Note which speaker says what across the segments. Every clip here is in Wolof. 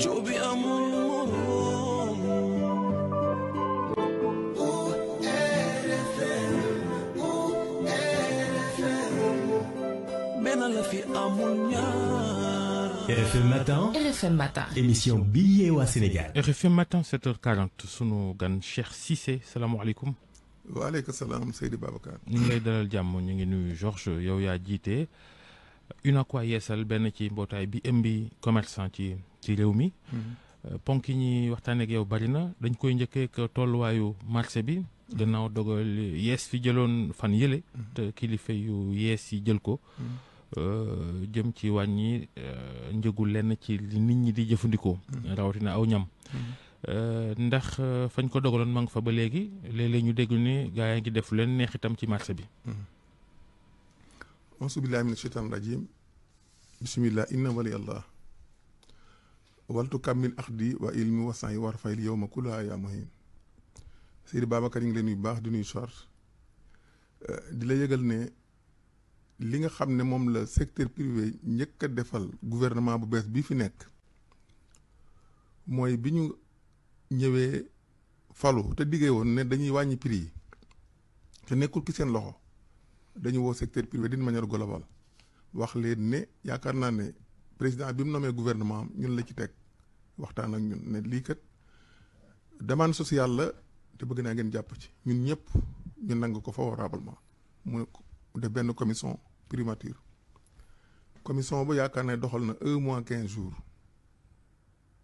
Speaker 1: जो भी Amul
Speaker 2: RFM Matin RFM Matin émission Billet yeewaa Sénégal RFM Matin 7h40 sunu gan Cheikh
Speaker 3: Cissé Wa waaleykum salam, Seydi Babacar ñu
Speaker 2: ngi lay dalal jàmm ñu ngi nuyu Georges yow yaa jiite UNACOIS Yeesal benn ci mbootaay bi ëmbi commerçant ci ci réew mi. Mm-hmm. Euh, ponk yi ñi waxtaaneek ak yow bari na dañ koy njëkkee tolluwaayu marché bi. Mm-hmm. gannaaw dogal yees fi jëloon fan yële. Mm-hmm. te kilifa yu yees yi jël ko. Euh, jëm ci wàññi euh, njëgu lenn ci nit ñi di jëfandikoo. rawatina aw ñam. ndax fañ ko dogaloon ma fa ba léegi léeg ñu déglu ni gaa yaa ngi def leen neex itam ci marché bi.
Speaker 3: auzu billaahi وبلتو كامل أخدي وإلمي وصعي وارفعي اليوم كلها يا مهين سيري بابا كارين لنوي باخ دوني شار آه، دي يغل ني ليغا خام ني موم لا سيكتير بريفي نيكا ديفال غوفرنمان بو بيس بي في نيك موي بي نيو فالو تا ديغي وون ني داني واني بري تا نيكول كي سين لوخو داني وو سيكتير بريفي دين مانيور غلوبال واخ لي ني ياكارنا ني président bi mu nommé gouvernement am ñun la ci teg waxtaan ak ñun ne lii kat demande sociale la te bëgg naa ngeen jàpp ci ñun ñëpp ñu nangu ko favorablement mu def benn commission primature commission ba yaakaar ne doxal na un mois quinze jours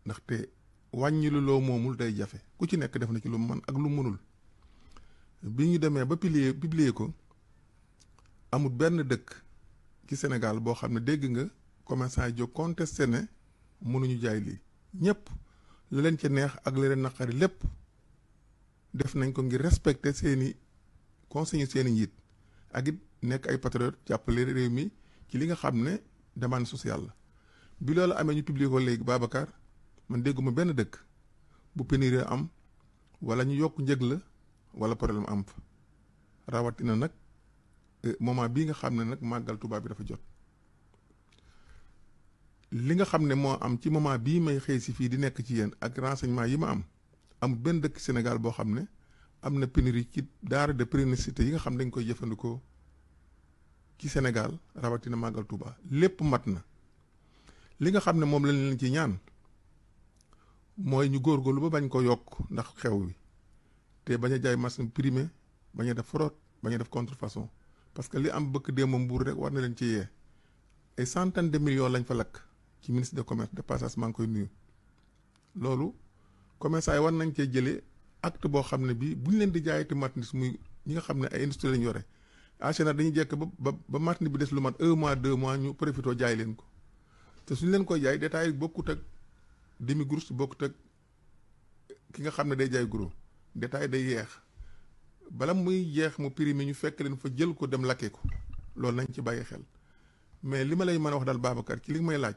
Speaker 3: ndaxte wàññi lu moomul day jafe ku ci nekk def na ci lu man ak lu mënul bi ñu demee ba publier publier ko amul benn dëkk ci Sénégal boo xam ne dégg nga commerçant yi jóg contesté ne mënuñu jaay lii ñëpp la leen ci neex ak la leen naqari lépp def nañ ko ngir respecter seeni conseil seeni njiit ak it nekk ay patriote jàppale réew mi ci li nga xam ne demande sociale la bi loolu amee ñu publier ko léegi Babacar man dégguma benn dëkk bu pénurie am wala ñu yokk njëg la wala problème am fa rawatina nag eh, moment bi nga xam ne nag màggal bi dafa jot li nga xam ne moo am ci moment bii may xëy si fii di nekk ci yéen ak renseignement yi ma am amul benn dëkk Sénégal boo xam ne am na pénurie ci denrées de première nécessité yi nga xam dañ koy jëfandikoo ci Sénégal rawatina màggal Touba lépp mat na li nga xam ne moom lañ leen ci ñaan mooy ñu lu ba bañ ko yokk ndax xew wi te bañ a jaay machine primé bañ a def fraude bañ a def contrefaçon parce que li am bëkk démb mbuur rek war na leen ci yee ay centaine de millions lañ fa lakk. ci ministre de commerce de passage maa ngi koy nuyu loolu commerçant yi war nañ cee jëlee acte boo xam ne bii bu ñu leen di jaayati marchandise muy ñi nga xam ne ay industrie lañu yore en général dañuy jekk ba ba ba marchandise bi des lu mat un mois deux mois ñu profité jaay leen ko te suñu leen koy jaay détail bokkut ak demi gros bokkut ak ki nga xam ne day jaay guro détail day yeex bala muy yeex mu prix mi ñu fekk leen fa jël ko dem lakkee ko loolu nañ ci bàyyi xel mais li ma lay mën a wax daal Babacar ci li may laaj.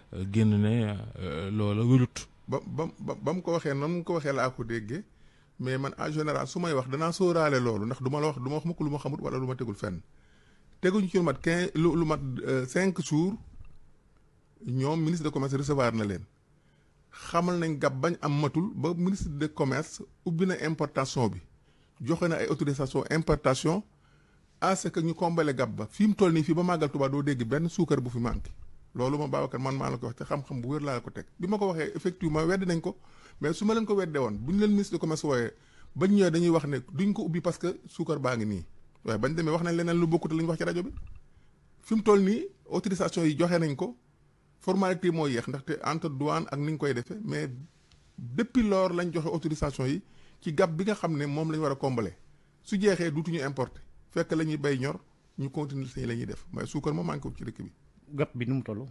Speaker 2: génn ne euh, loola
Speaker 3: wérut. ba ba ba ba mu ko waxee noonu mu ko waxee laa ko déggee mais man en général su may wax danaa sóoraale loolu ndax du la wax du ma wax mukk lu ma xamut wala lu ma tegul fenn teguñu ci lu mat quinze lu lu mat euh, cinq jours ñoom ministre de commerce recevoir na leen xamal nañ gab bañ am matul ba ministre de commerce ubbi na importation bi joxe na ay autorisation importation à ce que ñu combale gab ba fi mu toll nii fii ba màggal Tuubaa doo dégg benn suukar bu fi manqué. loolu ma Babacar man maa a ko wax te xam-xam bu wér laa la ko teg bi ma ko waxee effectivement wedd nañ ko mais su ma leen ko weddee woon bu ñu leen ministre de commerce wooyee bañ ñëwee dañuy wax ne duñ ko ubbi parce que suukar baa ngi nii waaye bañ demee wax nañ leneen lu bokkute la ñu wax ci rajo bi fi mu toll nii autorisation yi joxe nañ ko formalité moo yeex ndaxte entre douane ak ni ñu koy defee mais depuis lors lañ joxe autorisation yi ci gàpp bi nga xam ne moom la war a combler su jeexee duutuñu importer fekk la bay ñor ñu continuer la ñuy def mais suukar moom manqué ci dëkk bi gap bi nu mu toll.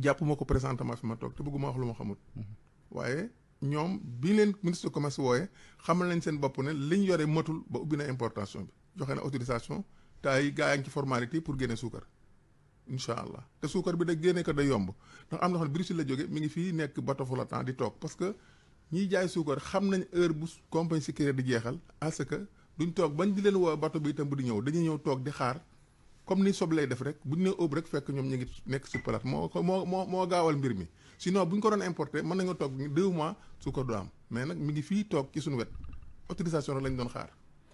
Speaker 3: jàppuma ko présentement fi ma toog te bëgguma wax lu ma xamul. waaye ñoom bi leen ministre du commerce wooye xamal nañ seen bopp ne liñ yore matul ba ubbi na importation bi joxe na autorisation te ay gaa yaa ngi ci formalité pour génne suukar. incha allah te suukar bi da génne ko da yomb ndax am na xam ne Brésil la jóge mi ngi fii nekk bateau flottant di toog parce que ñiy jaay suukar xam nañ heure bu compagnie sucrière di jeexal. à ce que duñ toog bañ di leen woo bateau bi itam bu di ñëw dañuy ñëw toog di comme ni soble lay def rek bu ñu nee ëpp rek fekk ñoom ñu ngi nekk sur place moo moo moo moo gaawal mbir mi sinon bu ñu ko doon importer mën nañoo toog deux mois su ko du am mais nag mi ngi fii toog ci suñu wet autorisation rek lañ doon xaar.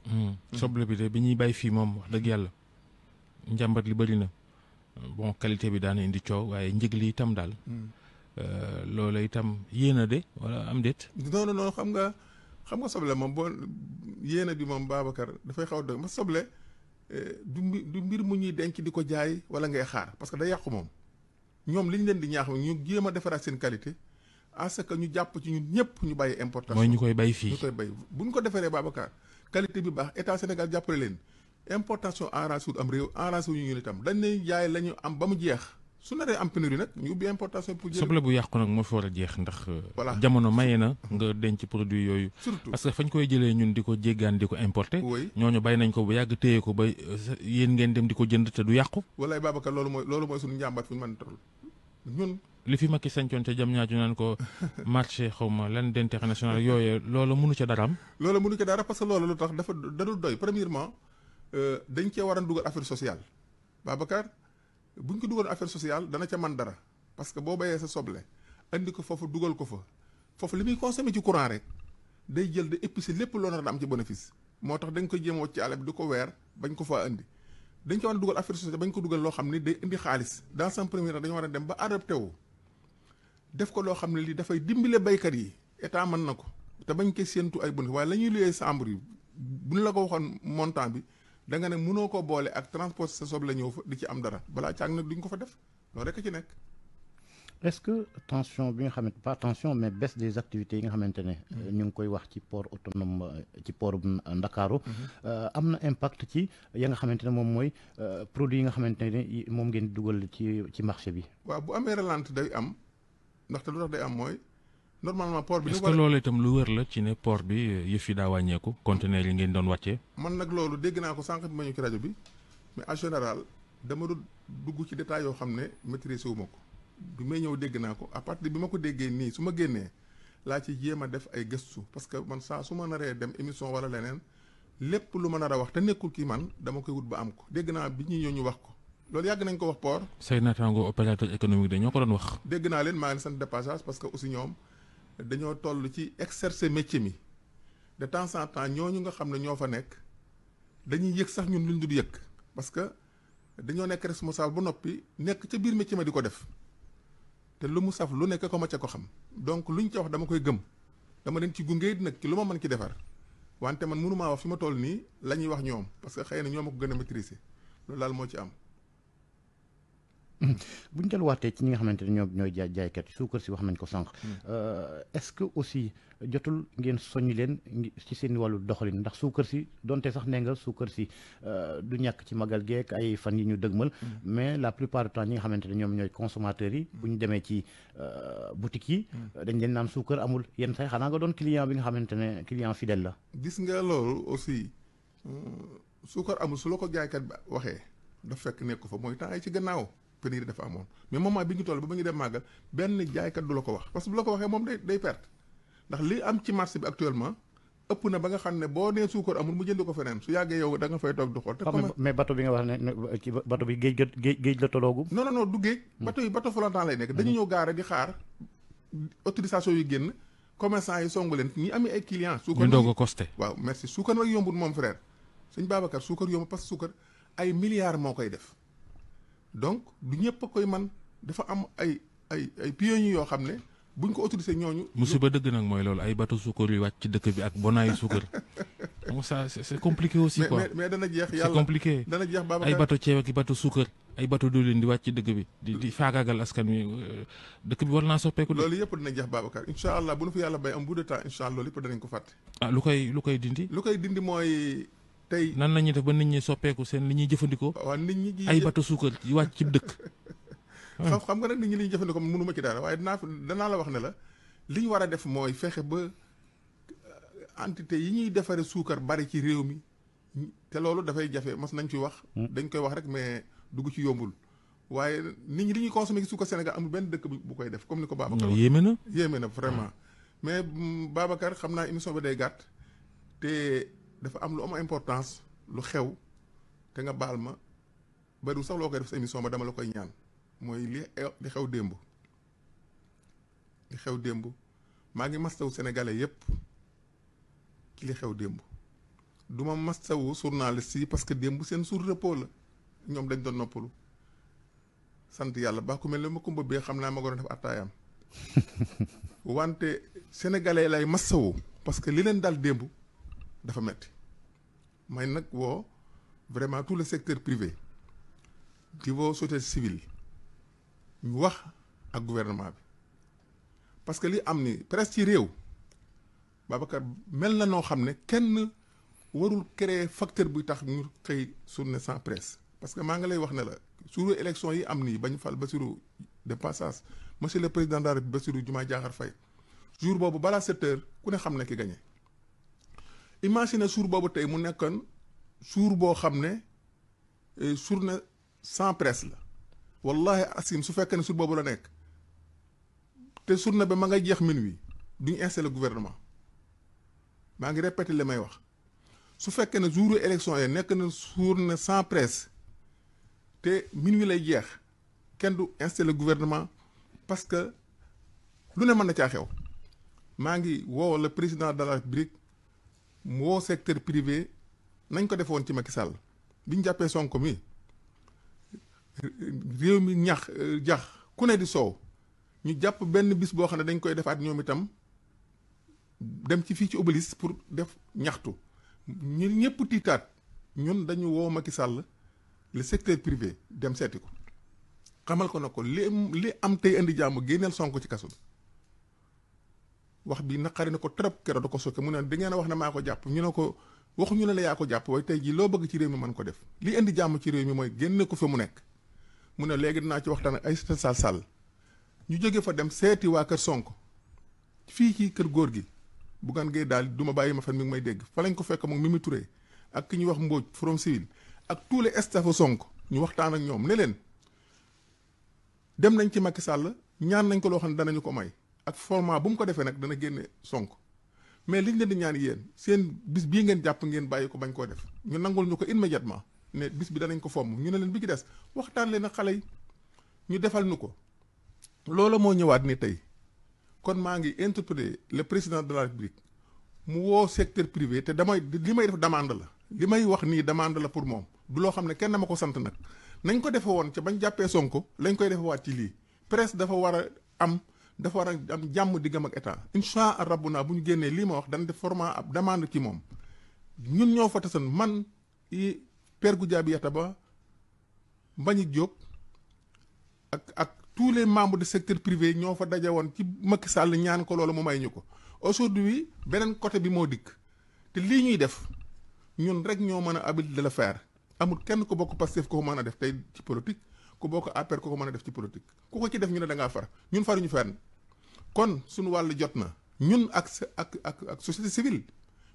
Speaker 2: Hmm. soble bi de bi ñuy bàyyi fii moom wax dëgg yàlla njàmbat li bëri na bon qualité bi daana indi coow waaye njëg li itam daal. Hmm. Euh, loola itam yéen a de wala am déet.
Speaker 3: non non xam nga xam nga soble moom boo yéen a bi moom Babacar dafay xaw ma soble. Euh, du mbir mbir mu ñuy denc di ko jaay wala ngay xaar parce que day yàqu moom ñoom li ñu leen di ñaax ñu jéem a defaraat seen qualité à que ñu jàpp ci ñun ñëpp ñu bàyyi importation mooy ñu koy bay fii ñu koy bay bu ñu ko defaree Babacar qualité bi baax état Sénégal jàppale leen importation enrangé wul am réew enrangé wu ñu ñu itam dañ lay jaay la ñu am ba mu jeex. su naree am pénurie nag ñu ubbi importation pour jël soble
Speaker 2: bu yàqu nag moo fi war a jeex ndax euh, jamono maye na nga denc produit yooyu surtout parce que fañ koy jëlee ñun di ko jéggaan di ko importer ñooñu bàyyi nañ ko bu yàgg téye ko ba euh, yéen ngeen dem di ko jënd te du yàqu
Speaker 3: walaay Babacar loolu mooy loolu mooy suñu njàmbaat fu mën a
Speaker 2: ñun li fi Macky sañcoon ca jam ñaaju naan ko marché xaw ma lan d'international mënu mënu
Speaker 3: dara parce que dafa doy premièrement euh, dañ affaire sociale buñ ko dugal affaire sociale dana ca man dara parce que bo baye sa soble andi ko fofu dugal ko fa fofu limi consommer ci courant rek day jël de épicé lepp loo nar am ci bénéfice motax dañ ko jëmo ci alab bi du bañ ko fa andi dañ ci wone a dugal affaire sociale bañ ko dugal lo xamni day indi xaliss dans son premier temps dañu war dem ba adapté wu def ko lo xamni li da fay dimbilé baykat yi état man nako te bañ koy sentu ay bénéfice waaye lañuy luyé luyee yi buñ la ko waxon montant bi da nga ne mënoo ko boole ak transport sa soble ñëw fa di ci am dara balaa càng nag duñ ko fa def loolu rek ci nekk.
Speaker 1: est-ce que tension bi nga xamante pas tension mais baisse des activités yi nga xamante ne. Mm-hmm. Euh, ñu ngi koy wax ci port autonome euh, ci port euh, Ndakaaru. Mm-hmm. am na impact ci ya nga xamante ne moom mooy produit yi nga xamante ne moom ngeen dugal ci ci marché bi.
Speaker 3: waaw bu amee ralente day am ndaxte lu tax day am mooy. normalement port bi. est-ce
Speaker 2: lu wër la ne port bi euh, yëf yi daa wàññeeku conteneur yi ngeen doon wàccee.
Speaker 3: man nag loolu dégg naa ko sànq bi ma ñu rajo bi mais général dama doon ci détail yoo xam ne maîtriser wu ko bi may ñëw dégg naa ko à partir bi ma ko déggee nii su ma génnee laa ci jéem a def ay gëstu parce que man saa su ma naree dem émission wala leneen lépp lu ma nar wax te nekkul ki man dama koy wut ba am ko dégg naa bi ñuy ñëw ñu wax ko. loolu yàgg nañ ko wax port.
Speaker 2: say naataango opérateur économique de ñoo ko doon wax.
Speaker 3: dégg naa leen maa ngi sant de passage parce que aussi ñoom dañoo toll ci exercer métier mi de temps en temps ñooñu nga xam ne ñoo fa nekk dañuy yëg sax ñun parce que dañoo nekk responsable bu noppi nekk ca biir métier ma di ko def te lu mu saf lu nekk ko ma ca ko xam donc luñ ca wax dama koy gëm dama leen ci gunge nag ci lu mën ci man wax fi ma toll nii la wax parce que xëy na ñoo ma
Speaker 1: Mm-hmm. bu ñu delluwaatee ci ñi nga xamante ne ñoom ñooy jaay jaaykat yi suukar si wax nañ ko sànq. Mm-hmm. Euh, est-ce que aussi jotul ngeen soññ leen ci seen wàllu doxalin ndax suukar si donte sax nee nga suukar si euh, du ñàkk ci magal geek ay fan yi ñu dëgmal. Mm-hmm. mais la plupart du ñi nga xamante ne ñoom ñooy consommateurs yi. bu ñu demee ci euh, boutique yi. dañ leen naan suukar amul yenn say xanaa nga doon client bi nga xamante ne client fidèle la.
Speaker 3: gis nga loolu aussi suukar amul su la ko jaaykat ba waxee daf fekk nekk ko fa mooy temps ci gannaaw. pénurie dafa amoon mais moment bi ñu toll ba ba ñu dem màggal benn jaaykat du la ko wax parce que bu la ko waxee moom day day perte ndax li am ci marché bi actuellement ëpp na ba nga xam ne boo nee suukar amul mu jënd ko feneen su yàggee yow da fay toog du xool. te
Speaker 1: mais bato bi nga wax ne ci bato bi géej
Speaker 3: géej géej la tolloogum. non non non du géej. Hmm. bato yi bato flottant lay nekk. dañu hmm. ñëw gaare di xaar autorisation yu génn commerçant yi songu leen ñi amee ay clients. suukar ñu doog a costé. waaw merci suukar nag moom frère sëñ Babacar suukar yomb parce que suukar ay milliards moo koy def donc du ñëpp a koy man dafa am ay ay ay pionniers yoo xam ne buñ ko autorisé ñooñu. musiba
Speaker 2: dëgg nag mooy loolu ay bateau suukar yu wàcc ci dëkk bi ak bonaayu suukar donc ça c'est compliqué aussi quoi mais dana jeex yàlla c'est compliqué dana jeex ay bateau ceeb ak i bateau suukar ay bateau diwlin di wàcc dëkk bi di di faagaagal askan wi euh, dëkk bi war naa soppeeku.
Speaker 3: loolu yëpp dana jeex Babacar incha allah bu nu fi yàlla bay am bout de allah loolu yëpp danañ ko fàtte.
Speaker 2: ah lu koy lu koy dindi. lu koy dindi mooy tey nan lañu def ba nit ñi soppeeku seen li ñuy jëfandikoo. waaw nit ñi ay bato suukal ci wàcc ci dëkk.
Speaker 3: xam xam nga nag nit ñi li ñuy jëfandikoo mënu ma ci dara waaye dinaa danaa la wax ne la li ñu war a def mooy fexe ba euh, entité yi ñuy defaree suukar bari ci réew mi te loolu dafay jafe mas nañ ci wax. Hmm. dañ koy wax rek mais dugg ci yombul. waaye nit ñi li ñuy consommer ci suukar Sénégal amul benn dëkk bu koy def comme ni ko Babacar. yéeme na yéeme na vraiment. mais mm, Babacar xam naa émission bi day gàtt te. dafa am lu am importance lu xew te nga baal ma bariwul sax loo koy def sa émission ba dama la koy ñaan mooy li li xew démb li xew démb maa ngi mastawu sénégalais yépp ki li xew démb duma mastawu journaliste yi parce que démb seen sur repos la ñoom dañ doon noppalu sant yàlla baax mel ne ma kumba bee xam naa ma ko doon def attaayam wante sénégalais lay mastawu parce que li leen daal démb Je metti may vraiment tout le secteur privé niveau société civile wax ak gouvernement parce que les am presse Babacar même kenn warul facteur tax ñu sur sans presse parce que je vous lay wax sur la élections élection yi monsieur le président de la République il Diomaye Diakhar jour boobu Imaginez surbo boobu tay mu surne eh, sans presse wallahi asim su fekkene surbo la te be ma nga jeex minuit gouvernement maa ngi le may wax su fekkene jouru élection na sans presse te minuit lay jeex ken du le gouvernement parce que lu ne na xew le président de la République mu woo secteur privé nañ ko defoon ci Macky Sall bi ñu jàppee Sonko mi réew mi ñax euh, jax ku ne di soow ñu jàpp benn bis boo xam ne dañ koy defaat ñoom itam dem ci fii ci oblis pour def ñaxtu ñun ñëpp tiitaat ñun dañu woo Macky sàll li secteur privé dem seeti ko xamal ko na ko li li am tey indi jàmm génneel Sonko ci kaso bi wax bi naqari na ko trop keroog da ko sokke mu ne da ngeen a wax ne maa ko jàpp ñu ne ko waxuñu ne la yaa ko jàpp waaye tey ji loo bëgg ci réew mi man ko def li indi jàmm ci réew mi mooy génne ko fi mu nekk mu ne léegi dinaa ci waxtaan ak Aïssata Sall ñu jóge fa dem seeti waa kër fii ci kër góor gi Bougane Gueye daal du ma bàyyi ma fan mi may dégg fa lañ ko fekk moom mu turee ak ki ñuy wax mbóoj forom Civil ak tous les staff Sonko ñu waxtaan ak ñoom ne leen dem nañ ci Macky sàll ñaan nañ ko loo xam ne danañu ko may ak format bu mu ko defee nag dana génne sonk mais liñ leen di ñaan yéen seen bis bii ngeen jàpp ngeen bàyyi ko bañ koo def ñu nangul ñu ko immédiatement ne bis bi danañ ko fomm ñu ne leen bi ci des waxtaan leen ak xale yi ñu defal nu ko loolu moo ñëwaat ni tey kon maa ngi interpellé le président de la république mu woo secteur privé te damay li may def demande la li may wax nii demande la pour moom du loo xam ne kenn ma ko sant nag nañ ko defe woon ca bañ jàppee Sonko lañ koy defewaat ci lii presse dafa war a am dafa war a am jàmm diggam ak état incha allah rabbuna bu ñu génnee lii ma wax dañ def format ab demande ci moom ñun ñoo fa tasan man pergu Père Goudiaby Atepa Mbagnick Diop ak ak tous les membres du secteur privé ñoo fa daje woon ci Macky sàll ñaan ko loolu mu may ñu ko aujourd'hui beneen côté bi moo dikk te lii ñuy def ñun rek ñoo mën a habile de le faire amul kenn ko bokk Pastef ko mën a def tey ci politique ko boo ko ku ko mën a def ci politique ku ko ci def ñu ne da ngaa far ñun faruñu fenn kon suñu wàll jot na ñun ak ak ak ak société civile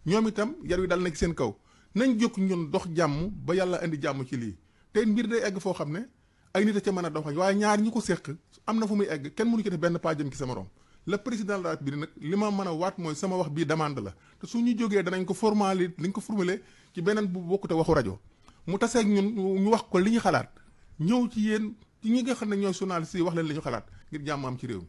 Speaker 3: ñoom itam yar wi dal na seen kaw nañ jóg ñun dox jàmm ba yàlla indi jàmm ci lii te mbir day egg foo xam ne ay nit a ca mën a dox waaye ñaar ñi ko séq am na fu muy egg kenn mënu ci def benn pas jëm ci sa morom le président de la République nag li ma mën a waat mooy sama wax bii demande la te su ñu jógee danañ ko formaal li ñu ko formulé ci beneen bu bokkute waxu rajo mu taseeg ñun ñu wax ko li ñu xalaat ñew ci yeen ci ñi nga xamne ñoy journaliste wax leen lañu ñu xalaat ngir am ci rew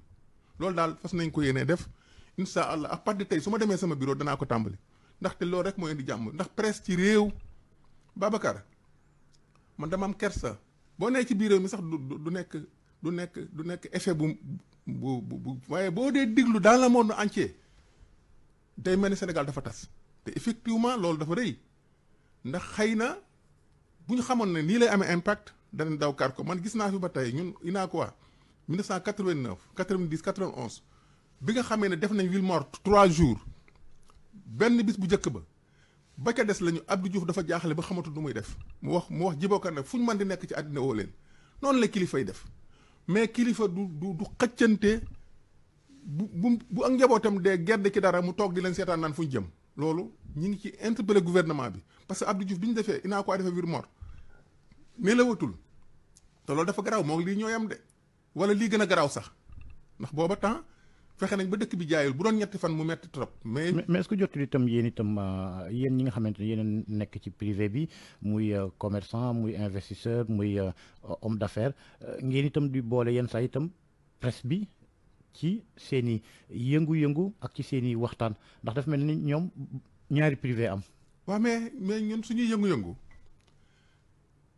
Speaker 3: lool daal fas nañ ko yene def insha allah à pat de tay suma ma sama bureau dana ko ndax te lool rek moy indi jamm ndax presse ci rew babakar man dama am kersa bo nee ci biir réew mi sax du du nekk du nekk du nekk effet bu bu bu waye bo dee diglu dans le monde entier day melni ni Sénégal dafa tass te effectivement lool dafa reuy ndax xeyna buñ xamone ni lay amee impact danañ daw kar ko man gis naa fi ba tey ñun quoi 1989 90 91 bi nga xamee ne def nañ ville morte 3 jours benn bis bu njëkk ba ba ca des lañu Abdou Diouf dafa jaaxale ba xamatul nu muy def mu wax mu wax jibookan nag fu ñu mën di nekk ci àddina woo leen noonu la kilifay def mais kilifa du du du xëccante bu bu ak njabootam dee gedd ci dara mu toog di leen seetaan naan fu jëm loolu ñu ngi ci interpellé gouvernement bi parce que Abdou Diouf bi ñu defee quoi defee ville morte nelawatul te loolu dafa garaaw moom lii ñooy am de wala lii gën a garaaw sax ndax booba temps fexe nañ ba dëkk bi jaayul bu doon ñetti fan mu metti
Speaker 1: trop. mais mais est-ce que jotul itam yéen itam euh, yéen ñi nga xamante ne yéen nekk ci privé bi muy euh, commerçant muy investisseur muy euh, homme d'affaires ngeen itam di boole yenn saa itam presse bi ci seeni yëngu-yëngu ak ci seen i waxtaan ndax dafa mel ni ñoom ñaari privé am. waaw mais mais ñun suñuy yëngu-yëngu.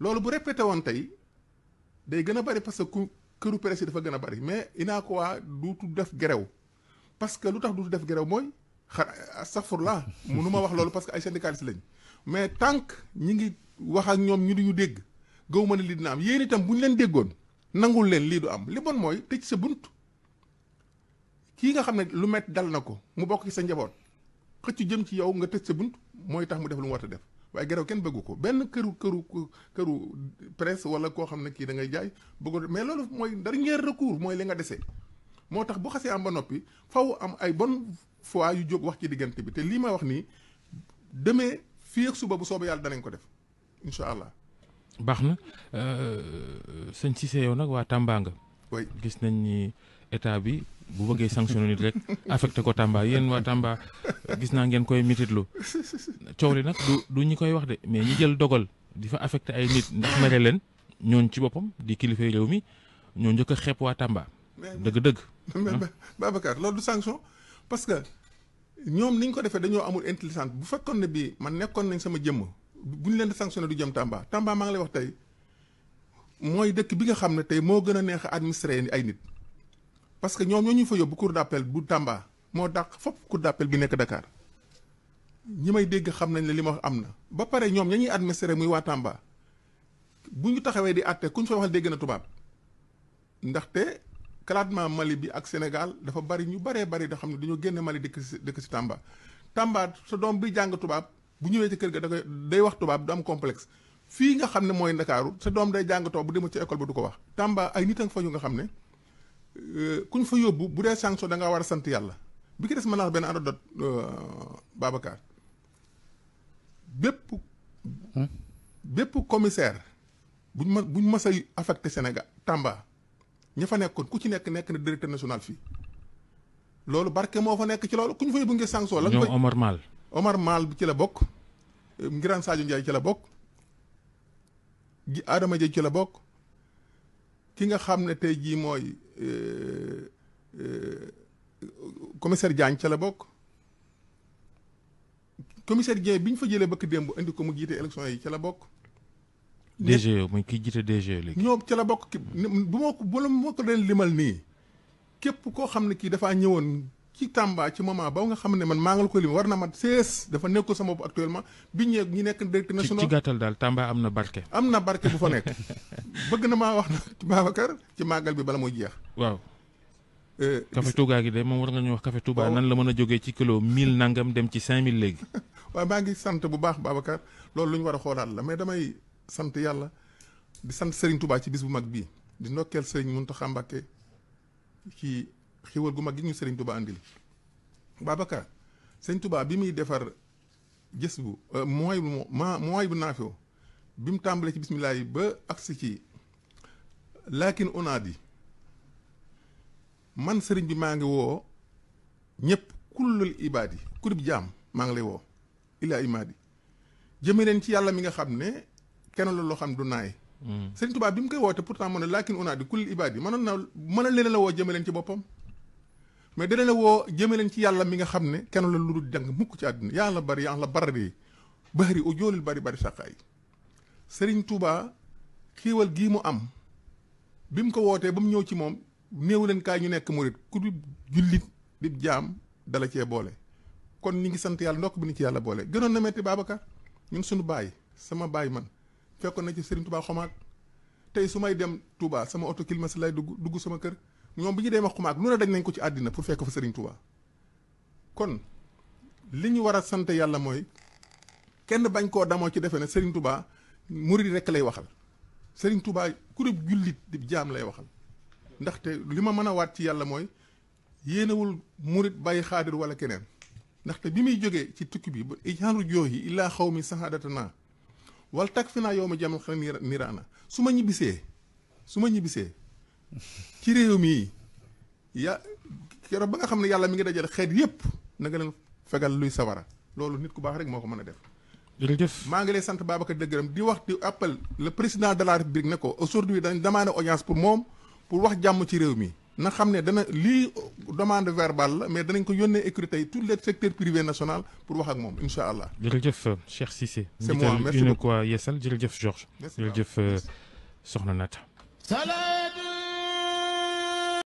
Speaker 3: loolu bu répété woon tey day gën a bari parce que ku këru presse dafa gën a bari mais ko UNACOIS duutu def grève parce que lu tax duutu def grève mooy xa astafurlah mënu ma wax loolu parce que ay syndicalistes lañ mais tant que ñi ngi wax ak ñoom ñu di ñu dégg gaw ma ne lii dina am yéen itam bu ñu leen déggoon nangul leen lii du am li bon mooy tëj sa bunt kii nga xam ne lu mett dal na ko mu bokk ci sa njaboot xëcc jëm ci yow nga tëj sa bunt mooy tax mu def lu mu a def waaye grève kenn bëggu ko benn këru këru këru presse wala koo xam ne kii da ngay jaay bëggu mais loolu mooy dernier recours mooy li nga desee moo tax bu xasee am ba noppi faw am ay bon fois yu jóg wax ci diggante bi te lii ma wax nii demee fii suba bu soobee yàlla danañ ko def incha allah.
Speaker 2: baax na euh, sëñ Cissé yow nag waa Tamba nga. gis nañ ni. état bi bu bëggee sanctionné nit rek affecté ko Tamba yéen waa Tamba gis naa ngeen koy mititlu coow li nag du du ñi koy wax de mais ñi jël dogal di fa affecté ay nit ndax mere leen ñooñ ci boppam di kilifay réew mi ñoo njëkk a xeeb waa Tamba. dëgg-dëgg. Ah. mais
Speaker 3: Babacar loolu du sanction parce que ñoom ni ko defee dañoo amul intelligence bu fekkoon ne bi man nekkoon nañ sama jëmm bu ñu leen di sanctionné du jëm Tamba Tamba maa ngi lay wax tey mooy dëkk bi nga xam ne tey moo gën a neex a administré ay nit. parce que ñoom ñoo ñu fa yóbbu cour d' bu Tamba mo dak fop cour d'appel bi nekk Dakar ñi may dégg xam nañ ne li ma wax am na ba pare muy Tamba bu ñu di àtte kuñ fa waxal dégg na tubaab ndaxte classement Mali bi ak Sénégal dafa bari ñu bari bari da xam ne dañoo Mali dëkk si dëkk Tamba Tamba sa doom bi jàng tubab bu ñëwee ci kër ga da koy day wax tubaab du am complexe fii nga xam ne mooy sa doom day jàng tubaab bu demoo ci école wax Tamba ay nit a nga nga Eh, kuñ fa yóbbu bu dee sanction da nga war a sant yàlla bi ki des mën naa benn anecdote eh, Babacar bépp hmm? bépp commissaire buñ ma buñ mas a affecté Sénégal Tamba ña fa nekkoon ku ci nekk nekk na directeur national fii loolu barke moo fa nekk ci loolu kuñ fa yóbbu ngir sanction la Omar Mal Omar Mal bi ci la bokk eh, ngiran Sadio Ndiaye ci la bokk ji Adama Dieye ci la bokk ki nga xam ne tey jii Euh, euh, commissaire Diagne ca la bokk commissaire Diagne bi ñu fa jëlee bëkk démb indi ko mu jiite élection yi ca la bokk.
Speaker 2: DG mooy kii jiite DG léegi.
Speaker 3: ñoom ca la bokk bu ma ko bu ma ko leen limal nii képp koo xam ne kii dafaa ñëwoon. ci Tamba ci moment ba nga xam ne man maa ngi la koy lim war na mat sees dafa nekkul sama bopp actuellement bi ñeeg ñi nekk directeur national ci
Speaker 2: gàttal daal Tamba am na barke. am na barke bu fa nekk
Speaker 3: bëgg na maa wax na ci Babacar ci màggal bi bala muy jeex. waaw. Euh, café
Speaker 2: Touba gi de moom war nga ñu wax café Touba oh. nan la mën a jógee ci kilo 1000 nangam dem ci 5000 léegi.
Speaker 3: waaw maa ngi sant bu baax Babacar loolu lu ñu war a xoolaat la mais damay sant yàlla di sant Serigne Touba ci bis bu mag bii di ndokkeel Serigne Mountakha xéwal gu mag gi ñu Serigne Touba andil Babacar Serigne Touba bi muy defar gis bu euh, mooy bu ma mooy bu naafew bi mu tàmbalee ci bisimilah yi ba agsi ci lakin onaat yi man sëriñ bi maa ngi woo ñëpp kullul ibaad yi kurib jaam maa ngi lay woo ilaa imaad yi jëme leen ci yàlla mi nga xam ne kenn la xam du naay hmm. Sëriñ Tuubaa bi mu koy woote pourtant mu ne laakin onaat yi kullul ibaad yi mënoon na mën a leen la woo jëme ci boppam mais dina la woo jëme leen ci yàlla mi nga xam ne kenn la lu dul jàng mukk ci àdduna yàlla bari yàlla bari bari u joolil bari bari sàqaay sëriñ Touba xiiwal gii mu am bi mu ko wootee ba mu ñëw ci moom néew leen kaay ñu nekk murit ku di jullit di jaam dala cee boole kon ñu ngi sant yàlla ndokk bi ni ci yàlla boole gënoon na metti Babacar ñun suñu baay sama baay man fekkoon na ci sëriñ Touba xomaag tey su may dem Touba sama oto kilomètre lay dugg dugg sama kër ñoom bi ñu dee wax xumaag lu ne dañ nañ ko ci àddina pour fekk fa Serigne Touba kon li ñu war a sant yàlla mooy kenn bañ koo damoo ci defe ne tubaa Touba yi rek lay waxal sëriñ tubaa ku def jullit di jaam lay waxal ndaxte li ma mën a waat ci yàlla mooy yéenewul murid bàyyi xaadir wala keneen ndaxte bi muy jóge ci tukki bi ba ijaaru yi illaa xaw mi saxaadata naa wal takk fi naa yow ma jamal xel niiraana su ma ñibbisee su ma ñibbisee ci réew mii ya keroog ba nga xam ne yàlla mi ngi dajale xeet yépp na leen fegal luy sawara loolu nit ku baax rek moo ko mën a def. jërëjëf maa ngi lay sant Babacar di gërëm di wax di appel le président de la république ne ko aujourd'hui dañ demande audience pour moom pour wax jàmm ci réew mi. na xam ne dana lii demande verbale la mais danañ ko yónnee écrit tey tout le secteur privé national pour wax ak moom incha allah.
Speaker 2: jërëjëf Cheikh Cissé. c'est moi merci beaucoup Yeesal jërëjëf Georges. jërëjëf euh, Soxna Naata.